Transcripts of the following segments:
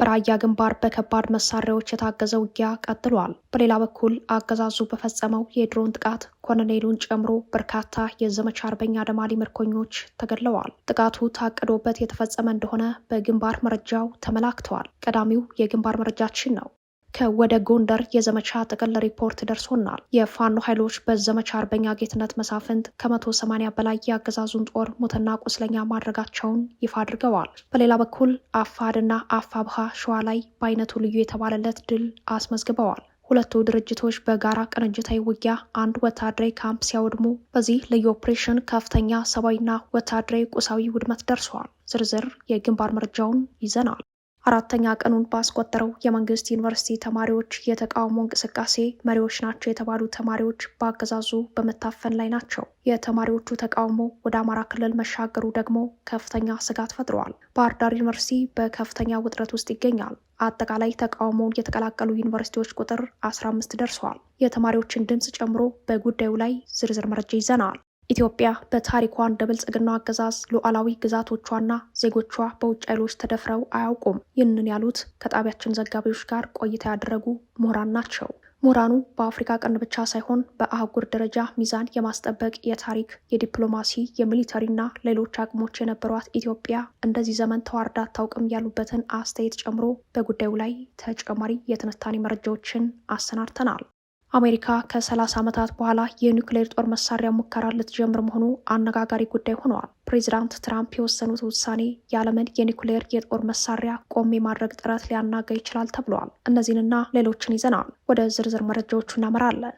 በራያ ግንባር በከባድ መሳሪያዎች የታገዘ ውጊያ ቀጥሏል። በሌላ በኩል አገዛዙ በፈጸመው የድሮን ጥቃት ኮሎኔሉን ጨምሮ በርካታ የዘመቻ አርበኛ ደማሊ ምርኮኞች ተገድለዋል። ጥቃቱ ታቅዶበት የተፈጸመ እንደሆነ በግንባር መረጃው ተመላክተዋል። ቀዳሚው የግንባር መረጃችን ነው። ከወደ ጎንደር የዘመቻ ጥቅል ሪፖርት ደርሶናል። የፋኖ ኃይሎች በዘመቻ አርበኛ ጌትነት መሳፍንት ከመቶ ሰማንያ በላይ የአገዛዙን ጦር ሙትና ቁስለኛ ማድረጋቸውን ይፋ አድርገዋል። በሌላ በኩል አፋድና አፋብሃ ሸዋ ላይ በአይነቱ ልዩ የተባለለት ድል አስመዝግበዋል። ሁለቱ ድርጅቶች በጋራ ቅንጅታዊ ውጊያ አንድ ወታደራዊ ካምፕ ሲያወድሙ፣ በዚህ ልዩ ኦፕሬሽን ከፍተኛ ሰብአዊና ወታደራዊ ቁሳዊ ውድመት ደርሷል። ዝርዝር የግንባር መረጃውን ይዘናል። አራተኛ ቀኑን ባስቆጠረው የመንግስት ዩኒቨርሲቲ ተማሪዎች የተቃውሞ እንቅስቃሴ መሪዎች ናቸው የተባሉ ተማሪዎች በአገዛዙ በመታፈን ላይ ናቸው። የተማሪዎቹ ተቃውሞ ወደ አማራ ክልል መሻገሩ ደግሞ ከፍተኛ ስጋት ፈጥረዋል። ባህር ዳር ዩኒቨርሲቲ በከፍተኛ ውጥረት ውስጥ ይገኛል። አጠቃላይ ተቃውሞውን የተቀላቀሉ ዩኒቨርሲቲዎች ቁጥር አስራ አምስት ደርሰዋል። የተማሪዎችን ድምፅ ጨምሮ በጉዳዩ ላይ ዝርዝር መረጃ ይዘናል። ኢትዮጵያ በታሪኳ እንደ ብልጽግናው አገዛዝ ሉዓላዊ ግዛቶቿና ዜጎቿ በውጭ ኃይሎች ተደፍረው አያውቁም። ይህንን ያሉት ከጣቢያችን ዘጋቢዎች ጋር ቆይታ ያደረጉ ምሁራን ናቸው። ምሁራኑ በአፍሪካ ቀንድ ብቻ ሳይሆን በአህጉር ደረጃ ሚዛን የማስጠበቅ የታሪክ፣ የዲፕሎማሲ፣ የሚሊተሪና ሌሎች አቅሞች የነበሯት ኢትዮጵያ እንደዚህ ዘመን ተዋርዳ አታውቅም ያሉበትን አስተያየት ጨምሮ በጉዳዩ ላይ ተጨማሪ የትንታኔ መረጃዎችን አሰናድተናል። አሜሪካ ከ30 ዓመታት በኋላ የኒውክሌር ጦር መሳሪያ ሙከራ ልትጀምር መሆኑ አነጋጋሪ ጉዳይ ሆነዋል። ፕሬዚዳንት ትራምፕ የወሰኑት ውሳኔ የዓለምን የኒውክሌር የጦር መሳሪያ ቆም የማድረግ ጥረት ሊያናጋ ይችላል ተብለዋል። እነዚህንና ሌሎችን ይዘናል። ወደ ዝርዝር መረጃዎቹ እናመራለን።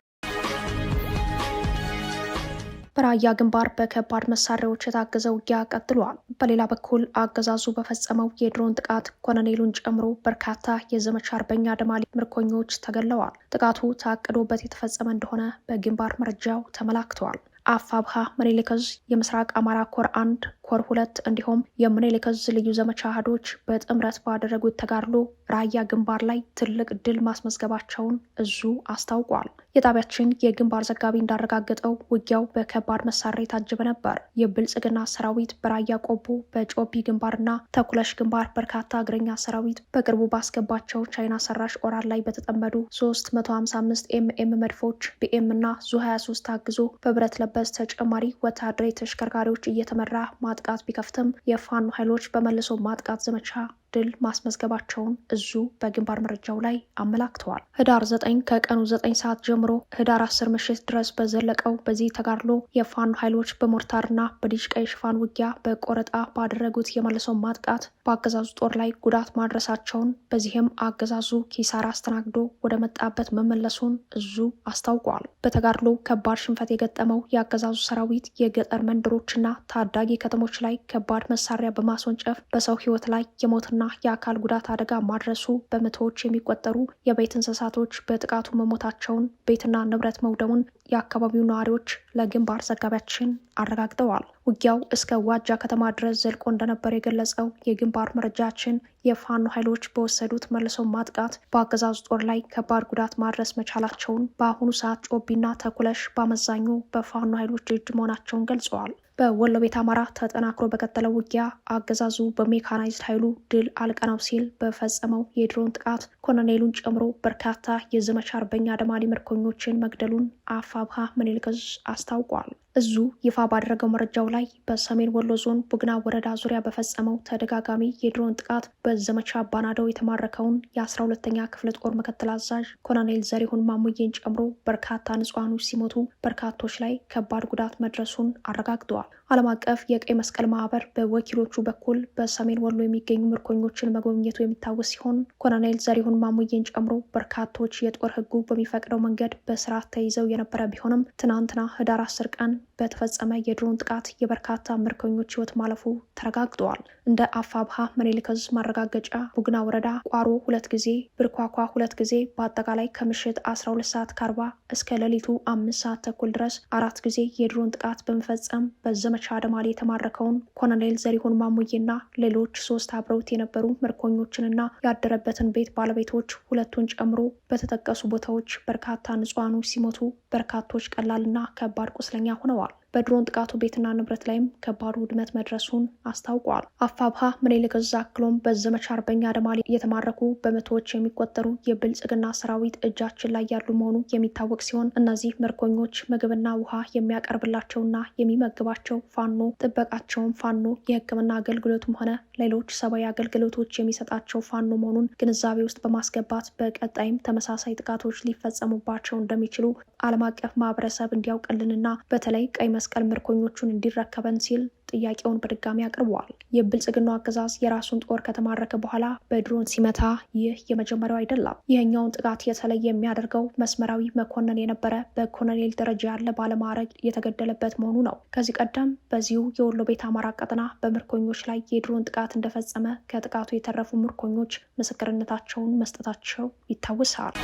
በራያ ግንባር በከባድ መሳሪያዎች የታገዘ ውጊያ ቀጥሏል። በሌላ በኩል አገዛዙ በፈጸመው የድሮን ጥቃት ኮሎኔሉን ጨምሮ በርካታ የዘመቻ አርበኛ ደማሊ ምርኮኞች ተገለዋል። ጥቃቱ ታቅዶበት የተፈጸመ እንደሆነ በግንባር መረጃው ተመላክተዋል። አፋብሃ መኔሊከዝ የምስራቅ አማራ ኮር አንድ ኮር ሁለት እንዲሁም የምኒልክ ዕዝ ልዩ ዘመቻ አህዶች በጥምረት ባደረጉት ተጋድሎ ራያ ግንባር ላይ ትልቅ ድል ማስመዝገባቸውን እዙ አስታውቋል። የጣቢያችን የግንባር ዘጋቢ እንዳረጋገጠው ውጊያው በከባድ መሳሪያ የታጀበ ነበር። የብልጽግና ሰራዊት በራያ ቆቦ፣ በጮቢ ግንባርና ተኩለሽ ግንባር በርካታ እግረኛ ሰራዊት በቅርቡ ባስገባቸው ቻይና ሰራሽ ኦራል ላይ በተጠመዱ 355 ኤምኤም መድፎች ቢኤም እና ዙ 23 ታግዞ በብረት ለበስ ተጨማሪ ወታደራዊ ተሽከርካሪዎች እየተመራ ማ ጥቃት ቢከፍትም የፋኖ ኃይሎች በመልሶ ማጥቃት ዘመቻ ድል ማስመዝገባቸውን እዙ በግንባር መረጃው ላይ አመላክተዋል። ህዳር 9 ከቀኑ 9 ሰዓት ጀምሮ ህዳር 10 ምሽት ድረስ በዘለቀው በዚህ ተጋድሎ የፋኖ ኃይሎች በሞርታርና በዲሽ ቀይ ሽፋን ውጊያ በቆረጣ ባደረጉት የመልሶ ማጥቃት በአገዛዙ ጦር ላይ ጉዳት ማድረሳቸውን፣ በዚህም አገዛዙ ኪሳራ አስተናግዶ ወደ መጣበት መመለሱን እዙ አስታውቋል። በተጋድሎ ከባድ ሽንፈት የገጠመው የአገዛዙ ሰራዊት የገጠር መንደሮችና ታዳጊ ከተሞች ላይ ከባድ መሳሪያ በማስወንጨፍ በሰው ህይወት ላይ የሞትና የሞትና የአካል ጉዳት አደጋ ማድረሱ በመቶዎች የሚቆጠሩ የቤት እንስሳቶች በጥቃቱ መሞታቸውን ቤትና ንብረት መውደሙን የአካባቢው ነዋሪዎች ለግንባር ዘጋቢያችን አረጋግጠዋል። ውጊያው እስከ ዋጃ ከተማ ድረስ ዘልቆ እንደነበር የገለጸው የግንባር መረጃችን የፋኖ ኃይሎች በወሰዱት መልሶ ማጥቃት በአገዛዙ ጦር ላይ ከባድ ጉዳት ማድረስ መቻላቸውን፣ በአሁኑ ሰዓት ጮቢና ተኩለሽ በአመዛኙ በፋኖ ኃይሎች እጅ መሆናቸውን ገልጸዋል። በወሎ ቤት አማራ ተጠናክሮ በቀጠለው ውጊያ አገዛዙ በሜካናይዝድ ኃይሉ ድል አልቀናው ሲል በፈጸመው የድሮን ጥቃት ኮሎኔሉን ጨምሮ በርካታ የዘመቻ አርበኛ አደማሊ ምርኮኞችን መግደሉን አፋብሃ ምኒልክ አስታውቋል። እዙ ይፋ ባደረገው መረጃው ላይ በሰሜን ወሎ ዞን ቡግና ወረዳ ዙሪያ በፈጸመው ተደጋጋሚ የድሮን ጥቃት በዘመቻ አባናደው የተማረከውን የአስራ ሁለተኛ ክፍለ ጦር ምክትል አዛዥ ኮሎኔል ዘሪሁን ማሙዬን ጨምሮ በርካታ ንጹሐኖች ሲሞቱ በርካቶች ላይ ከባድ ጉዳት መድረሱን አረጋግጠዋል። ዓለም አቀፍ የቀይ መስቀል ማህበር በወኪሎቹ በኩል በሰሜን ወሎ የሚገኙ ምርኮኞችን መጎብኘቱ የሚታወስ ሲሆን ኮሎኔል ዘሪሁን ማሙዬን ጨምሮ በርካቶች የጦር ሕጉ በሚፈቅደው መንገድ በስርዓት ተይዘው የነበረ ቢሆንም ትናንትና ህዳር አስር ቀን በተፈጸመ የድሮን ጥቃት የበርካታ ምርኮኞች ህይወት ማለፉ ተረጋግጠዋል። እንደ አፋብሃ መኔልከዝ ማረጋገጫ ቡግና ወረዳ ቋሮ ሁለት ጊዜ፣ ብርኳኳ ሁለት ጊዜ በአጠቃላይ ከምሽት 12 ሰዓት ከአርባ እስከ ሌሊቱ አምስት ሰዓት ተኩል ድረስ አራት ጊዜ የድሮን ጥቃት በመፈጸም በዘመ ዘመቻ አደማል የተማረከውን ኮሎኔል ዘሪሁን ማሙዬና ሌሎች ሶስት አብረውት የነበሩ ምርኮኞችንና ያደረበትን ቤት ባለቤቶች ሁለቱን ጨምሮ በተጠቀሱ ቦታዎች በርካታ ንጹሐኖች ሲሞቱ በርካቶች ቀላልና ከባድ ቁስለኛ ሆነዋል። በድሮን ጥቃቱ ቤትና ንብረት ላይም ከባድ ውድመት መድረሱን አስታውቋል። አፋብሃ ምኒልክ እዝ አክሎም በዘመቻ አርበኛ አደማሊ እየተማረኩ በመቶዎች የሚቆጠሩ የብልጽግና ሰራዊት እጃችን ላይ ያሉ መሆኑ የሚታወቅ ሲሆን እነዚህ ምርኮኞች ምግብና ውሃ የሚያቀርብላቸውና የሚመግባቸው ፋኖ፣ ጥበቃቸውም ፋኖ፣ የሕክምና አገልግሎቱም ሆነ ሌሎች ሰብአዊ አገልግሎቶች የሚሰጣቸው ፋኖ መሆኑን ግንዛቤ ውስጥ በማስገባት በቀጣይም ተመሳሳይ ጥቃቶች ሊፈጸሙባቸው እንደሚችሉ አለ ዓለም አቀፍ ማህበረሰብ እንዲያውቅልንና በተለይ ቀይ መስቀል ምርኮኞቹን እንዲረከበን ሲል ጥያቄውን በድጋሚ አቅርበዋል። የብልጽግናው አገዛዝ የራሱን ጦር ከተማረከ በኋላ በድሮን ሲመታ ይህ የመጀመሪያው አይደለም። ይህኛውን ጥቃት የተለየ የሚያደርገው መስመራዊ መኮንን የነበረ በኮሎኔል ደረጃ ያለ ባለማዕረግ የተገደለበት መሆኑ ነው። ከዚህ ቀደም በዚሁ የወሎ ቤት አማራ ቀጠና በምርኮኞች ላይ የድሮን ጥቃት እንደፈጸመ ከጥቃቱ የተረፉ ምርኮኞች ምስክርነታቸውን መስጠታቸው ይታወሳል።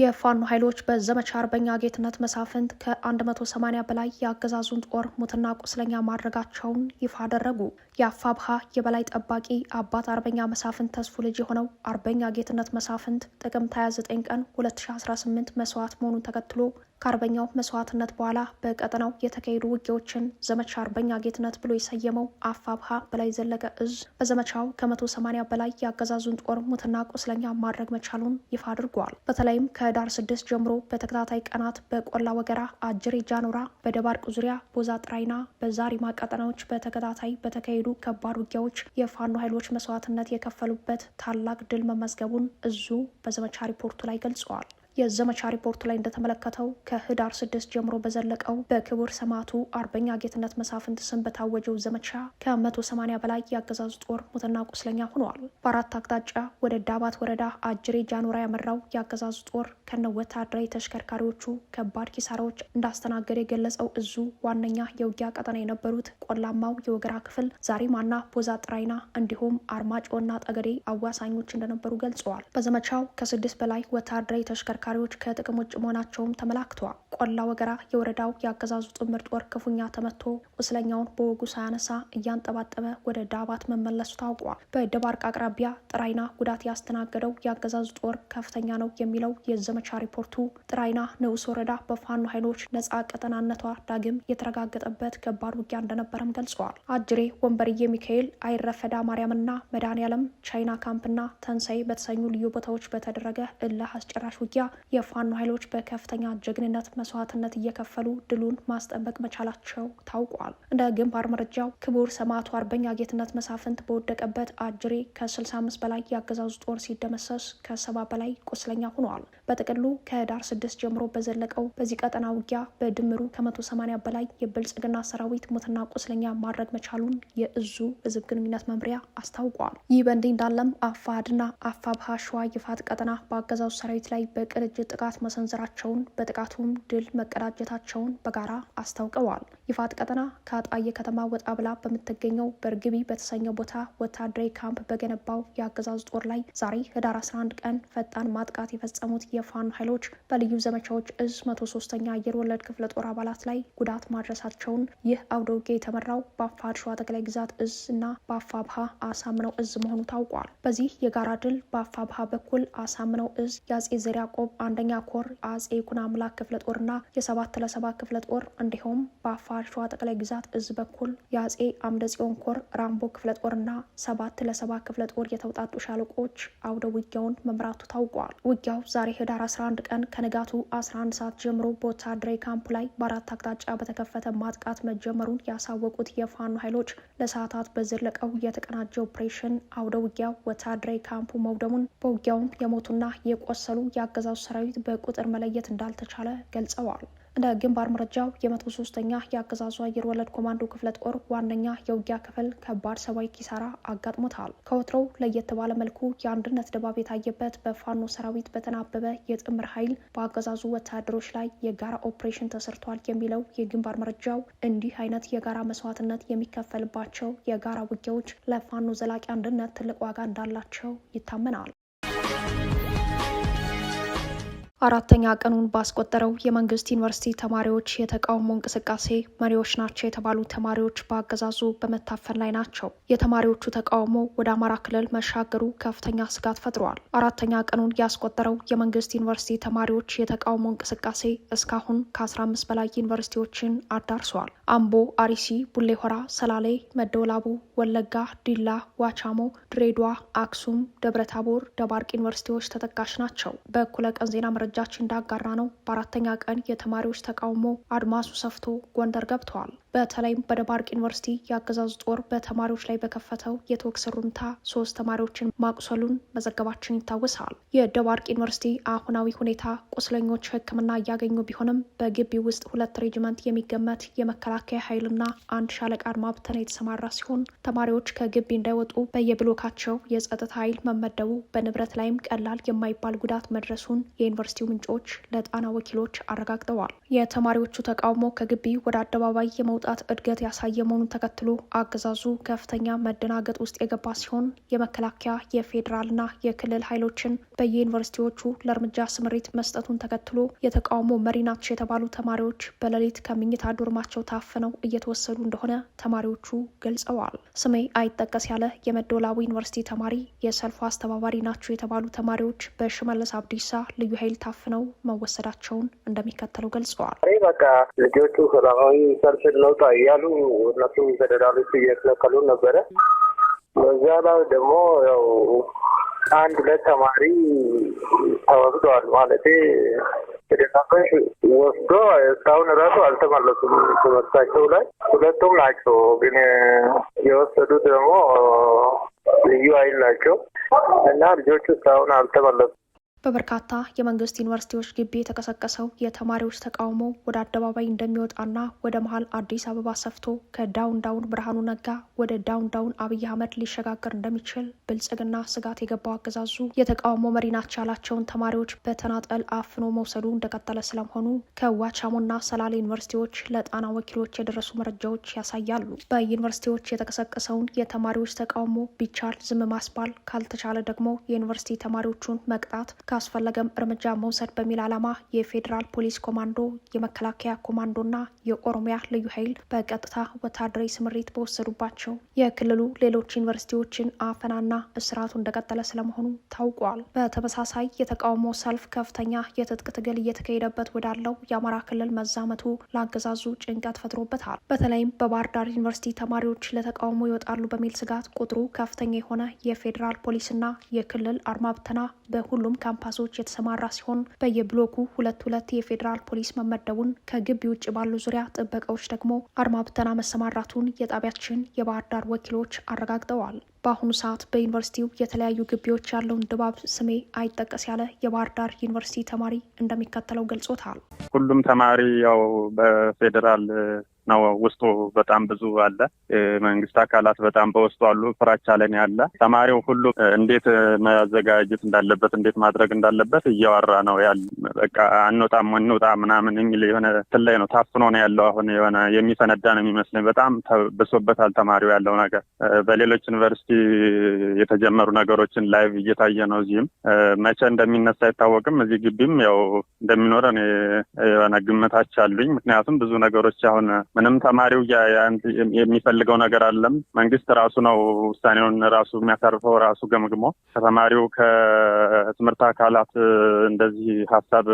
የፋኖ ኃይሎች በዘመቻ አርበኛ ጌትነት መሳፍንት ከ180 በላይ የአገዛዙን ጦር ሙትና ቁስለኛ ማድረጋቸውን ይፋ አደረጉ። የአፋብሃ የበላይ ጠባቂ አባት አርበኛ መሳፍንት ተስፉ ልጅ የሆነው አርበኛ ጌትነት መሳፍንት ጥቅምት 29 ቀን 2018 መስዋዕት መሆኑን ተከትሎ ከአርበኛው መስዋዕትነት በኋላ በቀጠናው የተካሄዱ ውጊያዎችን ዘመቻ አርበኛ ጌትነት ብሎ የሰየመው አፋብሃ በላይ ዘለቀ እዝ በዘመቻው ከ180 በላይ የአገዛዙን ጦር ሙትና ቁስለኛ ማድረግ መቻሉን ይፋ አድርጓል። በተለይም ከዳር ስድስት ጀምሮ በተከታታይ ቀናት በቆላ ወገራ፣ አጅሬ፣ ጃኖራ፣ በደባርቅ ዙሪያ፣ ቦዛ ጥራይና በዛሪማ ቀጠናዎች በተከታታይ በተካሄዱ በተካሄዱ ከባድ ውጊያዎች የፋኖ ኃይሎች መስዋዕትነት የከፈሉበት ታላቅ ድል መመዝገቡን እዙ በዘመቻ ሪፖርቱ ላይ ገልጸዋል። የዘመቻ ሪፖርቱ ላይ እንደተመለከተው ከህዳር ስድስት ጀምሮ በዘለቀው በክቡር ሰማዕቱ አርበኛ ጌትነት መሳፍንት ስም በታወጀው ዘመቻ ከ180 በላይ የአገዛዙ ጦር ሙትና ቁስለኛ ሆነዋል። በአራት አቅጣጫ ወደ ዳባት ወረዳ አጅሬ ጃኑራ ያመራው የአገዛዙ ጦር ከነ ወታደራዊ ተሽከርካሪዎቹ ከባድ ኪሳራዎች እንዳስተናገደ የገለጸው እዙ ዋነኛ የውጊያ ቀጠና የነበሩት ቆላማው የወገራ ክፍል ዛሪማና ቦዛ ጥራይና እንዲሁም አርማጮና ጠገዴ አዋሳኞች እንደነበሩ ገልጸዋል። በዘመቻው ከስድስት በላይ ወታደራዊ ተሽከርካሪ ተሽከርካሪዎች ከጥቅም ውጭ መሆናቸውም ተመላክተዋል። ቆላ ወገራ የወረዳው የአገዛዙ ጥምር ጦር ክፉኛ ተመቶ ቁስለኛውን በወጉ ሳያነሳ እያንጠባጠበ ወደ ዳባት መመለሱ ታውቋል። በደባርቅ አቅራቢያ ጥራይና ጉዳት ያስተናገደው የአገዛዙ ጦር ከፍተኛ ነው የሚለው የዘመቻ ሪፖርቱ ጥራይና ንዑስ ወረዳ በፋኖ ኃይሎች ነጻ ቀጠናነቷ ዳግም የተረጋገጠበት ከባድ ውጊያ እንደነበረም ገልጸዋል። አጅሬ፣ ወንበርዬ ሚካኤል፣ አይረፈዳ ማርያምና መድኃኔ ዓለም ቻይና ካምፕና ተንሳይ በተሰኙ ልዩ ቦታዎች በተደረገ እልህ አስጨራሽ ውጊያ የፋኖ ኃይሎች በከፍተኛ ጀግንነት መስዋዕትነት እየከፈሉ ድሉን ማስጠበቅ መቻላቸው ታውቋል። እንደ ግንባር መረጃው ክቡር ሰማዕቱ አርበኛ ጌትነት መሳፍንት በወደቀበት አጅሬ ከ65 በላይ የአገዛዙ ጦር ሲደመሰስ ከሰባ በላይ ቁስለኛ ሆነዋል። በጥቅሉ ከህዳር ስድስት ጀምሮ በዘለቀው በዚህ ቀጠና ውጊያ በድምሩ ከ180 በላይ የብልጽግና ሰራዊት ሞትና ቁስለኛ ማድረግ መቻሉን የእዙ ህዝብ ግንኙነት መምሪያ አስታውቋል። ይህ በእንዲህ እንዳለም አፋድና አፋብሃ ሸዋ ይፋት ቀጠና በአገዛዙ ሰራዊት ላይ በቅር የቅንጅት ጥቃት መሰንዘራቸውን በጥቃቱም ድል መቀዳጀታቸውን በጋራ አስታውቀዋል። ይፋት ቀጠና ከአጣዬ ከተማ ወጣ ብላ በምትገኘው በእርግቢ በተሰኘው ቦታ ወታደራዊ ካምፕ በገነባው የአገዛዝ ጦር ላይ ዛሬ ህዳር 11 ቀን ፈጣን ማጥቃት የፈጸሙት የፋኖ ኃይሎች በልዩ ዘመቻዎች እዝ መቶ ሶስተኛ አየር ወለድ ክፍለ ጦር አባላት ላይ ጉዳት ማድረሳቸውን ይህ አውደ የተመራው በአፋ አድሸዋ ጠቅላይ ግዛት እዝ እና በአፋብሃ አሳምነው እዝ መሆኑ ታውቋል። በዚህ የጋራ ድል በአፋብሃ በኩል አሳምነው እዝ የአጼ ዘርዓ ያዕቆብ አንደኛ ኮር አጼ ይኩኖ አምላክ ክፍለ ጦርና የሰባት ለሰባት ክፍለ ጦር እንዲሁም በአፋር ሸዋ ጠቅላይ ግዛት እዝ በኩል የአጼ አምደ ጽዮን ኮር ራምቦ ክፍለ ጦርና ሰባት ለሰባ ክፍለ ጦር የተውጣጡ ሻለቆች አውደ ውጊያውን መምራቱ ታውቋል። ውጊያው ዛሬ ህዳር 11 ቀን ከንጋቱ 11 ሰዓት ጀምሮ በወታደራዊ ካምፕ ላይ በአራት አቅጣጫ በተከፈተ ማጥቃት መጀመሩን ያሳወቁት የፋኖ ኃይሎች ለሰዓታት በዘለቀው የተቀናጀ ኦፕሬሽን አውደ ውጊያው ወታደራዊ ካምፑ መውደሙን በውጊያውም የሞቱና የቆሰሉ የአገዛዙ ሰራዊት በቁጥር መለየት እንዳልተቻለ ገልጸዋል። እንደ ግንባር መረጃው የመቶ ሶስተኛ የአገዛዙ አየር ወለድ ኮማንዶ ክፍለ ጦር ዋነኛ የውጊያ ክፍል ከባድ ሰብአዊ ኪሳራ አጋጥሞታል። ከወትሮው ለየት ባለ መልኩ የአንድነት ድባብ የታየበት በፋኖ ሰራዊት በተናበበ የጥምር ኃይል በአገዛዙ ወታደሮች ላይ የጋራ ኦፕሬሽን ተሰርቷል የሚለው የግንባር መረጃው እንዲህ አይነት የጋራ መስዋዕትነት የሚከፈልባቸው የጋራ ውጊያዎች ለፋኖ ዘላቂ አንድነት ትልቅ ዋጋ እንዳላቸው ይታመናል። አራተኛ ቀኑን ባስቆጠረው የመንግስት ዩኒቨርሲቲ ተማሪዎች የተቃውሞ እንቅስቃሴ መሪዎች ናቸው የተባሉ ተማሪዎች በአገዛዙ በመታፈን ላይ ናቸው። የተማሪዎቹ ተቃውሞ ወደ አማራ ክልል መሻገሩ ከፍተኛ ስጋት ፈጥሯል። አራተኛ ቀኑን ያስቆጠረው የመንግስት ዩኒቨርሲቲ ተማሪዎች የተቃውሞ እንቅስቃሴ እስካሁን ከ15 በላይ ዩኒቨርሲቲዎችን አዳርሰዋል። አምቦ፣ አሪሲ፣ ቡሌ ሆራ፣ ሰላሌ፣ መደወላቡ፣ ወለጋ፣ ዲላ፣ ዋቻሞ፣ ድሬዷ፣ አክሱም፣ ደብረታቦር፣ ደባርቅ ዩኒቨርሲቲዎች ተጠቃሽ ናቸው። በእኩለ ቀን ዜና መረጃችን እንዳጋራ ነው በአራተኛ ቀን የተማሪዎች ተቃውሞ አድማሱ ሰፍቶ ጎንደር ገብተዋል። በተለይም በደባርቅ ዩኒቨርሲቲ የአገዛዙ ጦር በተማሪዎች ላይ በከፈተው የተኩስ ሩምታ ሶስት ተማሪዎችን ማቁሰሉን መዘገባችን ይታወሳል። የደባርቅ ዩኒቨርሲቲ አሁናዊ ሁኔታ ቁስለኞች ሕክምና እያገኙ ቢሆንም በግቢ ውስጥ ሁለት ሬጅመንት የሚገመት የመከላከያ ኃይልና አንድ ሻለቃ አድማ ብተና የተሰማራ ሲሆን ተማሪዎች ከግቢ እንዳይወጡ በየብሎካቸው የጸጥታ ኃይል መመደቡ በንብረት ላይም ቀላል የማይባል ጉዳት መድረሱን የዩኒቨርሲቲው ምንጮች ለጣና ወኪሎች አረጋግጠዋል። የተማሪዎቹ ተቃውሞ ከግቢ ወደ አደባባይ የመውጣ በመውጣት እድገት ያሳየ መሆኑን ተከትሎ አገዛዙ ከፍተኛ መደናገጥ ውስጥ የገባ ሲሆን የመከላከያ የፌዴራልና የክልል ኃይሎችን በየዩኒቨርሲቲዎቹ ለእርምጃ ስምሪት መስጠቱን ተከትሎ የተቃውሞ መሪ ናቸው የተባሉ ተማሪዎች በሌሊት ከምኝታ ዶርማቸው ታፍነው እየተወሰዱ እንደሆነ ተማሪዎቹ ገልጸዋል። ስሜ አይጠቀስ ያለ የመደወላቡ ዩኒቨርሲቲ ተማሪ የሰልፉ አስተባባሪ ናቸው የተባሉ ተማሪዎች በሽመለስ አብዲሳ ልዩ ኃይል ታፍነው መወሰዳቸውን እንደሚከተለው ገልጸዋል። በቃ ልጆቹ ሰላማዊ ሰልፍ ነው አውጣ እያሉ እነሱ ፌዴራሎች እየከለከሉ ነበረ። በዛ ላይ ደግሞ ያው አንድ ሁለት ተማሪ ተወስደዋል። ማለት ተደናቀሽ ወስዶ እስካሁን እራሱ አልተመለሱም ትምህርታቸው ላይ ሁለቱም ናቸው። ግን የወሰዱት ደግሞ ልዩ ኃይል ናቸው እና ልጆቹ እስካሁን አልተመለሱም። በበርካታ የመንግስት ዩኒቨርሲቲዎች ግቢ የተቀሰቀሰው የተማሪዎች ተቃውሞ ወደ አደባባይ እንደሚወጣና ወደ መሀል አዲስ አበባ ሰፍቶ ከዳውን ዳውን ብርሃኑ ነጋ ወደ ዳውን ዳውን አብይ አህመድ ሊሸጋገር እንደሚችል ብልጽግና ስጋት የገባው አገዛዙ የተቃውሞ መሪ ናቸው ያላቸውን ተማሪዎች በተናጠል አፍኖ መውሰዱ እንደቀጠለ ስለመሆኑ ከዋቻሞና ሰላሌ ዩኒቨርሲቲዎች ለጣና ወኪሎች የደረሱ መረጃዎች ያሳያሉ። በዩኒቨርሲቲዎች የተቀሰቀሰውን የተማሪዎች ተቃውሞ ቢቻል ዝም ማስባል ካልተቻለ ደግሞ የዩኒቨርሲቲ ተማሪዎቹን መቅጣት ካስፈለገም እርምጃ መውሰድ በሚል ዓላማ የፌዴራል ፖሊስ ኮማንዶ፣ የመከላከያ ኮማንዶና የኦሮሚያ ልዩ ኃይል በቀጥታ ወታደራዊ ስምሪት በወሰዱባቸው የክልሉ ሌሎች ዩኒቨርሲቲዎችን አፈናና እስራቱ እንደቀጠለ ስለመሆኑ ታውቋል። በተመሳሳይ የተቃውሞ ሰልፍ ከፍተኛ የትጥቅ ትግል እየተካሄደበት ወዳለው የአማራ ክልል መዛመቱ ለአገዛዙ ጭንቀት ፈጥሮበታል። በተለይም በባህር ዳር ዩኒቨርሲቲ ተማሪዎች ለተቃውሞ ይወጣሉ በሚል ስጋት ቁጥሩ ከፍተኛ የሆነ የፌዴራል ፖሊስና የክልል አድማ ብተና በሁሉም ካምፓ ጳጳሶች የተሰማራ ሲሆን በየብሎኩ ሁለት ሁለት የፌዴራል ፖሊስ መመደቡን ከግቢ ውጭ ባሉ ዙሪያ ጥበቃዎች ደግሞ አርማ ብተና መሰማራቱን የጣቢያችን የባህር ዳር ወኪሎች አረጋግጠዋል። በአሁኑ ሰዓት በዩኒቨርሲቲው የተለያዩ ግቢዎች ያለውን ድባብ ስሜ አይጠቀስ ያለ የባህር ዳር ዩኒቨርሲቲ ተማሪ እንደሚከተለው ገልጾታል። ሁሉም ተማሪ ያው በፌዴራል ነው። ውስጡ በጣም ብዙ አለ። መንግስት አካላት በጣም በውስጡ አሉ። ፍራቻ ለን ያለ ተማሪው ሁሉ እንዴት መዘጋጀት እንዳለበት እንዴት ማድረግ እንዳለበት እያወራ ነው ያለ። በቃ አንወጣም እንውጣ ምናምን የሚል የሆነ ትላይ ነው ታፍኖ ነው ያለው። አሁን የሆነ የሚፈነዳ ነው የሚመስለኝ። በጣም ብሶበታል ተማሪው ያለው ነገር። በሌሎች ዩኒቨርሲቲ የተጀመሩ ነገሮችን ላይቭ እየታየ ነው። እዚህም መቼ እንደሚነሳ አይታወቅም። እዚህ ግቢም ያው እንደሚኖረ የሆነ ግምታች አሉኝ። ምክንያቱም ብዙ ነገሮች አሁን ምንም ተማሪው የሚፈልገው ነገር አለም። መንግስት ራሱ ነው ውሳኔውን ራሱ የሚያሳርፈው ራሱ ገምግሞ ከተማሪው ከትምህርት አካላት እንደዚህ ሀሳብ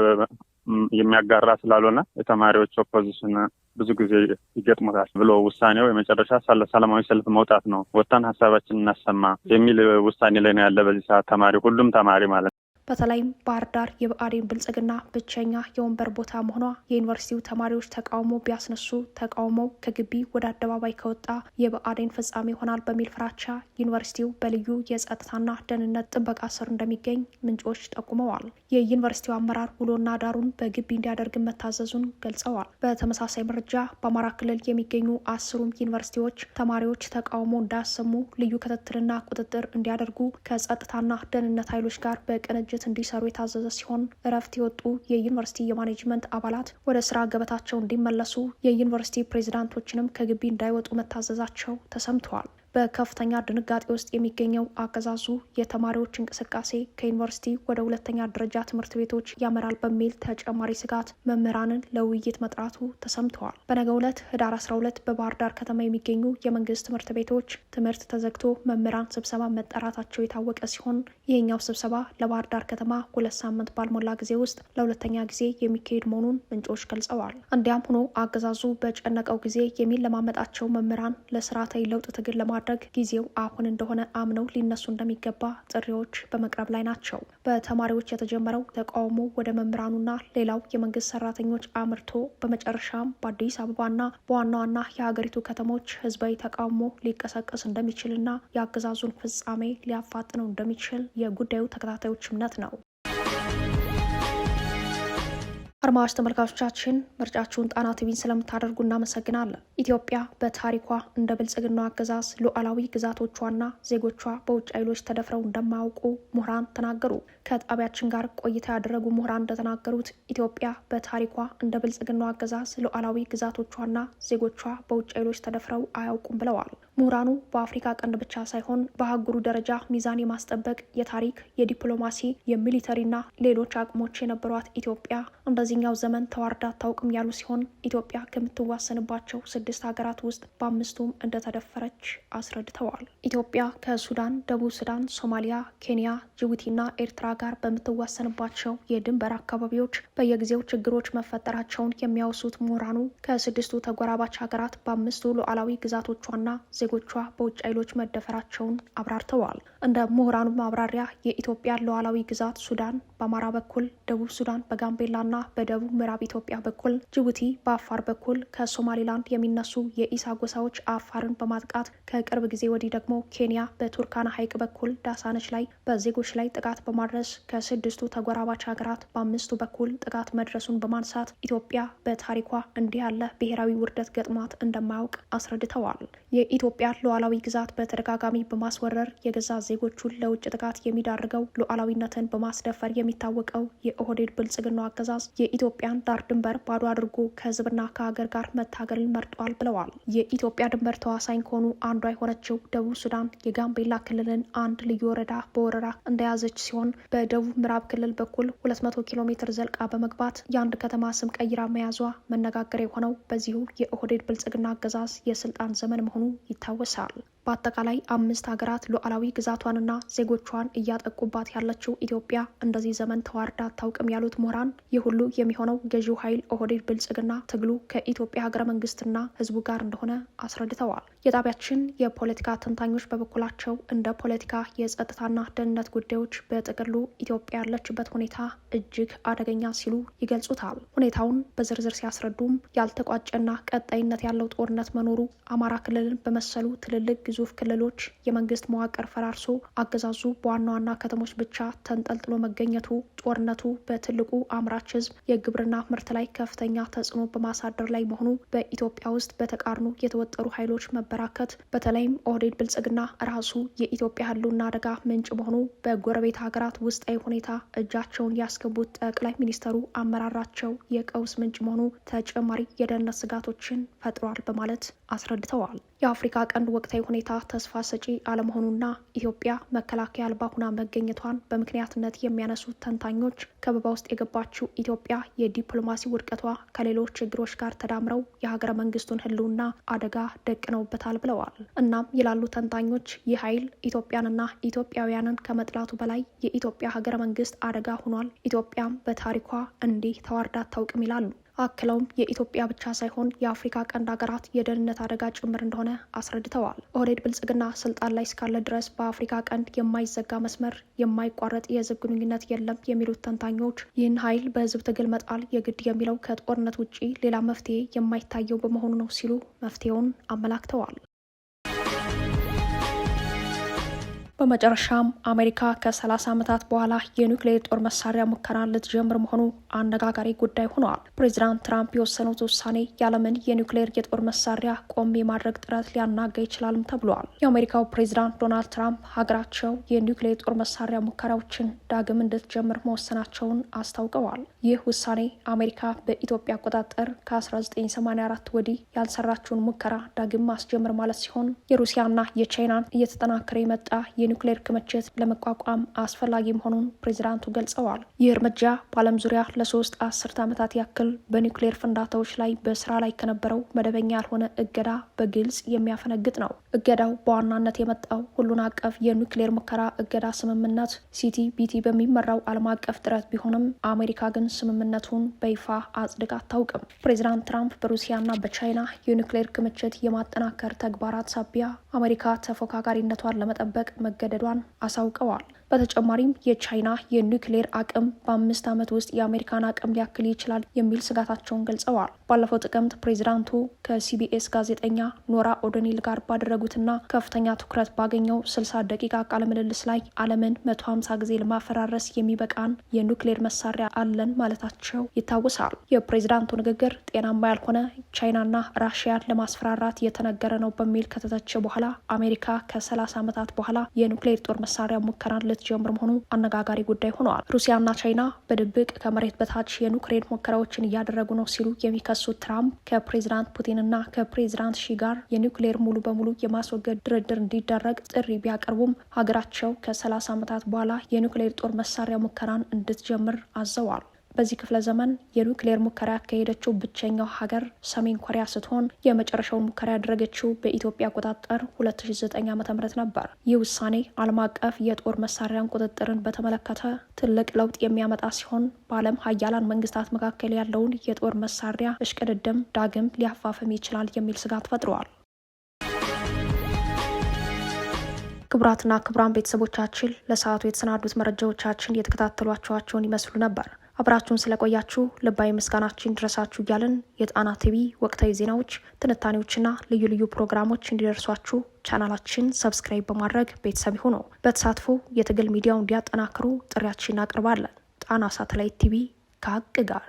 የሚያጋራ ስላልሆነ የተማሪዎች ኦፖዚሽን ብዙ ጊዜ ይገጥሙታል ብሎ ውሳኔው የመጨረሻ ሰላማዊ ሰልፍ መውጣት ነው፣ ወጥተን ሀሳባችን እናሰማ የሚል ውሳኔ ላይ ነው ያለ በዚህ ሰዓት ተማሪ ሁሉም ተማሪ ማለት ነው። በተለይም ባህር ዳር የብአዴን ብልጽግና ብቸኛ የወንበር ቦታ መሆኗ የዩኒቨርሲቲው ተማሪዎች ተቃውሞ ቢያስነሱ ተቃውሞው ከግቢ ወደ አደባባይ ከወጣ የብአዴን ፍጻሜ ይሆናል በሚል ፍራቻ ዩኒቨርሲቲው በልዩ የጸጥታና ደህንነት ጥበቃ ስር እንደሚገኝ ምንጮች ጠቁመዋል። የዩኒቨርሲቲው አመራር ውሎና ዳሩን በግቢ እንዲያደርግ መታዘዙን ገልጸዋል። በተመሳሳይ መረጃ በአማራ ክልል የሚገኙ አስሩም ዩኒቨርሲቲዎች ተማሪዎች ተቃውሞ እንዳያሰሙ ልዩ ክትትልና ቁጥጥር እንዲያደርጉ ከጸጥታና ደህንነት ኃይሎች ጋር በቅንጅት እንዲሰሩ የታዘዘ ሲሆን እረፍት የወጡ የዩኒቨርሲቲ የማኔጅመንት አባላት ወደ ስራ ገበታቸው እንዲመለሱ የዩኒቨርሲቲ ፕሬዚዳንቶችንም ከግቢ እንዳይወጡ መታዘዛቸው ተሰምተዋል። በከፍተኛ ድንጋጤ ውስጥ የሚገኘው አገዛዙ የተማሪዎች እንቅስቃሴ ከዩኒቨርሲቲ ወደ ሁለተኛ ደረጃ ትምህርት ቤቶች ያመራል በሚል ተጨማሪ ስጋት መምህራንን ለውይይት መጥራቱ ተሰምተዋል። በነገ ዕለት ህዳር 12 በባህር ዳር ከተማ የሚገኙ የመንግስት ትምህርት ቤቶች ትምህርት ተዘግቶ መምህራን ስብሰባ መጠራታቸው የታወቀ ሲሆን ይህኛው ስብሰባ ለባህር ዳር ከተማ ሁለት ሳምንት ባልሞላ ጊዜ ውስጥ ለሁለተኛ ጊዜ የሚካሄድ መሆኑን ምንጮች ገልጸዋል። እንዲያም ሆኖ አገዛዙ በጨነቀው ጊዜ የሚለማመጣቸው መምህራን ለስርዓታዊ ለውጥ ትግል ለማ ለማድረግ ጊዜው አሁን እንደሆነ አምነው ሊነሱ እንደሚገባ ጥሪዎች በመቅረብ ላይ ናቸው። በተማሪዎች የተጀመረው ተቃውሞ ወደ መምህራኑና ሌላው የመንግስት ሰራተኞች አምርቶ በመጨረሻም በአዲስ አበባና በዋና ዋና የሀገሪቱ ከተሞች ህዝባዊ ተቃውሞ ሊቀሰቀስ እንደሚችልና የአገዛዙን ፍጻሜ ሊያፋጥነው እንደሚችል የጉዳዩ ተከታታዮች እምነት ነው። አድማጭ ተመልካቾቻችን ምርጫችሁን ጣና ቲቪን ስለምታደርጉ እናመሰግናለን። ኢትዮጵያ በታሪኳ እንደ ብልጽግና አገዛዝ ሉዓላዊ ግዛቶቿና ዜጎቿ በውጭ ኃይሎች ተደፍረው እንደማያውቁ ምሁራን ተናገሩ። ከጣቢያችን ጋር ቆይታ ያደረጉ ምሁራን እንደተናገሩት ኢትዮጵያ በታሪኳ እንደ ብልጽግና አገዛዝ ሉዓላዊ ግዛቶቿና ዜጎቿ በውጭ ኃይሎች ተደፍረው አያውቁም ብለዋል። ምሁራኑ በአፍሪካ ቀንድ ብቻ ሳይሆን በአህጉሩ ደረጃ ሚዛን የማስጠበቅ የታሪክ፣ የዲፕሎማሲ፣ የሚሊተሪና ሌሎች አቅሞች የነበሯት ኢትዮጵያ እንደዚህኛው ዘመን ተዋርዳ አታውቅም ያሉ ሲሆን ኢትዮጵያ ከምትዋሰንባቸው ስድስት ሀገራት ውስጥ በአምስቱም እንደተደፈረች አስረድተዋል። ኢትዮጵያ ከሱዳን፣ ደቡብ ሱዳን፣ ሶማሊያ፣ ኬንያ፣ ጅቡቲና ኤርትራ ጋር በምትዋሰንባቸው የድንበር አካባቢዎች በየጊዜው ችግሮች መፈጠራቸውን የሚያወሱት ምሁራኑ ከስድስቱ ተጎራባች ሀገራት በአምስቱ ሉዓላዊ ግዛቶቿና ዜጎቿ በውጭ ኃይሎች መደፈራቸውን አብራርተዋል። እንደ ምሁራኑ ማብራሪያ የኢትዮጵያ ሉዓላዊ ግዛት ሱዳን በአማራ በኩል፣ ደቡብ ሱዳን በጋምቤላና በደቡብ ምዕራብ ኢትዮጵያ በኩል፣ ጅቡቲ በአፋር በኩል፣ ከሶማሌላንድ የሚነሱ የኢሳ ጎሳዎች አፋርን በማጥቃት ከቅርብ ጊዜ ወዲህ ደግሞ ኬንያ በቱርካና ሐይቅ በኩል ዳሳነች ላይ በዜጎች ላይ ጥቃት በማድረስ ከስድስቱ ተጎራባች ሀገራት በአምስቱ በኩል ጥቃት መድረሱን በማንሳት ኢትዮጵያ በታሪኳ እንዲህ ያለ ብሔራዊ ውርደት ገጥሟት እንደማያውቅ አስረድተዋል። የኢትዮ የኢትዮጵያ ሉዓላዊ ግዛት በተደጋጋሚ በማስወረር የገዛ ዜጎቹን ለውጭ ጥቃት የሚዳርገው ሉዓላዊነትን በማስደፈር የሚታወቀው የኦህዴድ ብልጽግናው አገዛዝ የኢትዮጵያን ዳር ድንበር ባዶ አድርጎ ከህዝብና ከሀገር ጋር መታገልን መርጧል ብለዋል። የኢትዮጵያ ድንበር ተዋሳኝ ከሆኑ አንዷ የሆነችው ደቡብ ሱዳን የጋምቤላ ክልልን አንድ ልዩ ወረዳ በወረራ እንደያዘች ሲሆን በደቡብ ምዕራብ ክልል በኩል 200 ኪሎ ሜትር ዘልቃ በመግባት የአንድ ከተማ ስም ቀይራ መያዟ መነጋገር የሆነው በዚሁ የኦህዴድ ብልጽግና አገዛዝ የስልጣን ዘመን መሆኑ 他为啥？በአጠቃላይ አምስት ሀገራት ሉዓላዊ ግዛቷንና ዜጎቿን እያጠቁባት ያለችው ኢትዮጵያ እንደዚህ ዘመን ተዋርዳ አታውቅም ያሉት ምሁራን ይህ ሁሉ የሚሆነው ገዢው ኃይል ኦህዴድ ብልጽግና ትግሉ ከኢትዮጵያ ሀገረ መንግስትና ህዝቡ ጋር እንደሆነ አስረድተዋል። የጣቢያችን የፖለቲካ ተንታኞች በበኩላቸው እንደ ፖለቲካ፣ የጸጥታና ደህንነት ጉዳዮች በጥቅሉ ኢትዮጵያ ያለችበት ሁኔታ እጅግ አደገኛ ሲሉ ይገልጹታል። ሁኔታውን በዝርዝር ሲያስረዱም ያልተቋጨና ቀጣይነት ያለው ጦርነት መኖሩ አማራ ክልልን በመሰሉ ትልልቅ ግዙፍ ክልሎች የመንግስት መዋቅር ፈራርሶ አገዛዙ በዋና ዋና ከተሞች ብቻ ተንጠልጥሎ መገኘቱ ጦርነቱ በትልቁ አምራች ህዝብ የግብርና ምርት ላይ ከፍተኛ ተጽዕኖ በማሳደር ላይ መሆኑ በኢትዮጵያ ውስጥ በተቃርኖ የተወጠሩ ኃይሎች መበራከት በተለይም ኦህዴድ ብልጽግና ራሱ የኢትዮጵያ ህልውና አደጋ ምንጭ መሆኑ በጎረቤት ሀገራት ውስጣዊ ሁኔታ እጃቸውን ያስገቡት ጠቅላይ ሚኒስተሩ አመራራቸው የቀውስ ምንጭ መሆኑ ተጨማሪ የደህንነት ስጋቶችን ፈጥሯል በማለት አስረድተዋል። የአፍሪካ ቀንድ ወቅታዊ ሁኔታ ተስፋ ሰጪ አለመሆኑና ኢትዮጵያ መከላከያ አልባ ሁና መገኘቷን በምክንያትነት የሚያነሱት ተንታኞች ከበባ ውስጥ የገባችው ኢትዮጵያ የዲፕሎማሲ ውድቀቷ ከሌሎች ችግሮች ጋር ተዳምረው የሀገረ መንግስቱን ህልውና አደጋ ደቅነውበታል ብለዋል። እናም ይላሉ ተንታኞች ይህ ኃይል ኢትዮጵያንና ኢትዮጵያውያንን ከመጥላቱ በላይ የኢትዮጵያ ሀገረ መንግስት አደጋ ሆኗል። ኢትዮጵያም በታሪኳ እንዲህ ተዋርዳ አታውቅም ይላሉ። አክለውም የኢትዮጵያ ብቻ ሳይሆን የአፍሪካ ቀንድ ሀገራት የደህንነት አደጋ ጭምር እንደሆነ አስረድተዋል። ኦህዴድ ብልጽግና ስልጣን ላይ እስካለ ድረስ በአፍሪካ ቀንድ የማይዘጋ መስመር፣ የማይቋረጥ የህዝብ ግንኙነት የለም የሚሉት ተንታኞች ይህን ኃይል በህዝብ ትግል መጣል የግድ የሚለው ከጦርነት ውጪ ሌላ መፍትሄ የማይታየው በመሆኑ ነው ሲሉ መፍትሄውን አመላክተዋል። በመጨረሻም አሜሪካ ከ30 ዓመታት በኋላ የኒውክሌር ጦር መሳሪያ ሙከራ ልትጀምር መሆኑ አነጋጋሪ ጉዳይ ሆኗል። ፕሬዚዳንት ትራምፕ የወሰኑት ውሳኔ የዓለምን የኒውክሌር የጦር መሳሪያ ቆም የማድረግ ጥረት ሊያናጋ ይችላልም ተብሏል። የአሜሪካው ፕሬዚዳንት ዶናልድ ትራምፕ ሀገራቸው የኒውክሌር ጦር መሳሪያ ሙከራዎችን ዳግም እንድትጀምር መወሰናቸውን አስታውቀዋል። ይህ ውሳኔ አሜሪካ በኢትዮጵያ አቆጣጠር ከ1984 ወዲህ ያልሰራችውን ሙከራ ዳግም ማስጀምር ማለት ሲሆን የሩሲያና የቻይናን እየተጠናከረ የመጣ የኒውክሌር ክምችት ለመቋቋም አስፈላጊ መሆኑን ፕሬዚዳንቱ ገልጸዋል። ይህ እርምጃ በዓለም ዙሪያ ለሶስት አስርት ዓመታት ያክል በኒውክሌር ፍንዳታዎች ላይ በስራ ላይ ከነበረው መደበኛ ያልሆነ እገዳ በግልጽ የሚያፈነግጥ ነው። እገዳው በዋናነት የመጣው ሁሉን አቀፍ የኒውክሌር ሙከራ እገዳ ስምምነት ሲቲ ቢቲ በሚመራው ዓለም አቀፍ ጥረት ቢሆንም አሜሪካ ግን ስምምነቱን በይፋ አጽድቅ አታውቅም። ፕሬዚዳንት ትራምፕ በሩሲያና በቻይና የኒውክሌር ክምችት የማጠናከር ተግባራት ሳቢያ አሜሪካ ተፎካካሪነቷን ለመጠበቅ መ መገደዷን አሳውቀዋል። በተጨማሪም የቻይና የኒውክሌር አቅም በአምስት ዓመት ውስጥ የአሜሪካን አቅም ሊያክል ይችላል የሚል ስጋታቸውን ገልጸዋል። ባለፈው ጥቅምት ፕሬዚዳንቱ ከሲቢኤስ ጋዜጠኛ ኖራ ኦደኒል ጋር ባደረጉትና ከፍተኛ ትኩረት ባገኘው 60 ደቂቃ ቃለ ምልልስ ላይ ዓለምን 150 ጊዜ ለማፈራረስ የሚበቃን የኒውክሌር መሳሪያ አለን ማለታቸው ይታወሳል። የፕሬዚዳንቱ ንግግር ጤናማ ያልሆነ ቻይናና ራሽያን ለማስፈራራት የተነገረ ነው በሚል ከተተቸ በኋላ አሜሪካ ከ30 ዓመታት በኋላ የኒውክሌር ጦር መሳሪያ ሙከራን ጀምር መሆኑ አነጋጋሪ ጉዳይ ሆነዋል። ሩሲያና ቻይና በድብቅ ከመሬት በታች የኑክሌር ሙከራዎችን እያደረጉ ነው ሲሉ የሚከሱት ትራምፕ ከፕሬዚዳንት ፑቲንና ከፕሬዚዳንት ሺ ጋር የኒውክሌር ሙሉ በሙሉ የማስወገድ ድርድር እንዲደረግ ጥሪ ቢያቀርቡም ሀገራቸው ከሰላሳ ዓመታት በኋላ የኒውክሌር ጦር መሳሪያ ሙከራን እንድትጀምር አዘዋል። በዚህ ክፍለ ዘመን የኒውክሌር ሙከራ ያካሄደችው ብቸኛው ሀገር ሰሜን ኮሪያ ስትሆን የመጨረሻውን ሙከራ ያደረገችው በኢትዮጵያ አቆጣጠር 2009 ዓ ም ነበር። ይህ ውሳኔ ዓለም አቀፍ የጦር መሳሪያን ቁጥጥርን በተመለከተ ትልቅ ለውጥ የሚያመጣ ሲሆን በዓለም ሀያላን መንግስታት መካከል ያለውን የጦር መሳሪያ እሽቅድድም ዳግም ሊያፋፍም ይችላል የሚል ስጋት ፈጥረዋል። ክቡራትና ክቡራን ቤተሰቦቻችን ለሰዓቱ የተሰናዱት መረጃዎቻችን የተከታተሏቸዋቸውን ይመስሉ ነበር። አብራችሁን ስለቆያችሁ ልባዊ ምስጋናችን ድረሳችሁ እያልን የጣና ቲቪ ወቅታዊ ዜናዎች፣ ትንታኔዎችና ልዩ ልዩ ፕሮግራሞች እንዲደርሷችሁ ቻናላችን ሰብስክራይብ በማድረግ ቤተሰብ ሆኖ በተሳትፎ የትግል ሚዲያው እንዲያጠናክሩ ጥሪያችን እናቀርባለን። ጣና ሳተላይት ቲቪ ከሀቅ ጋር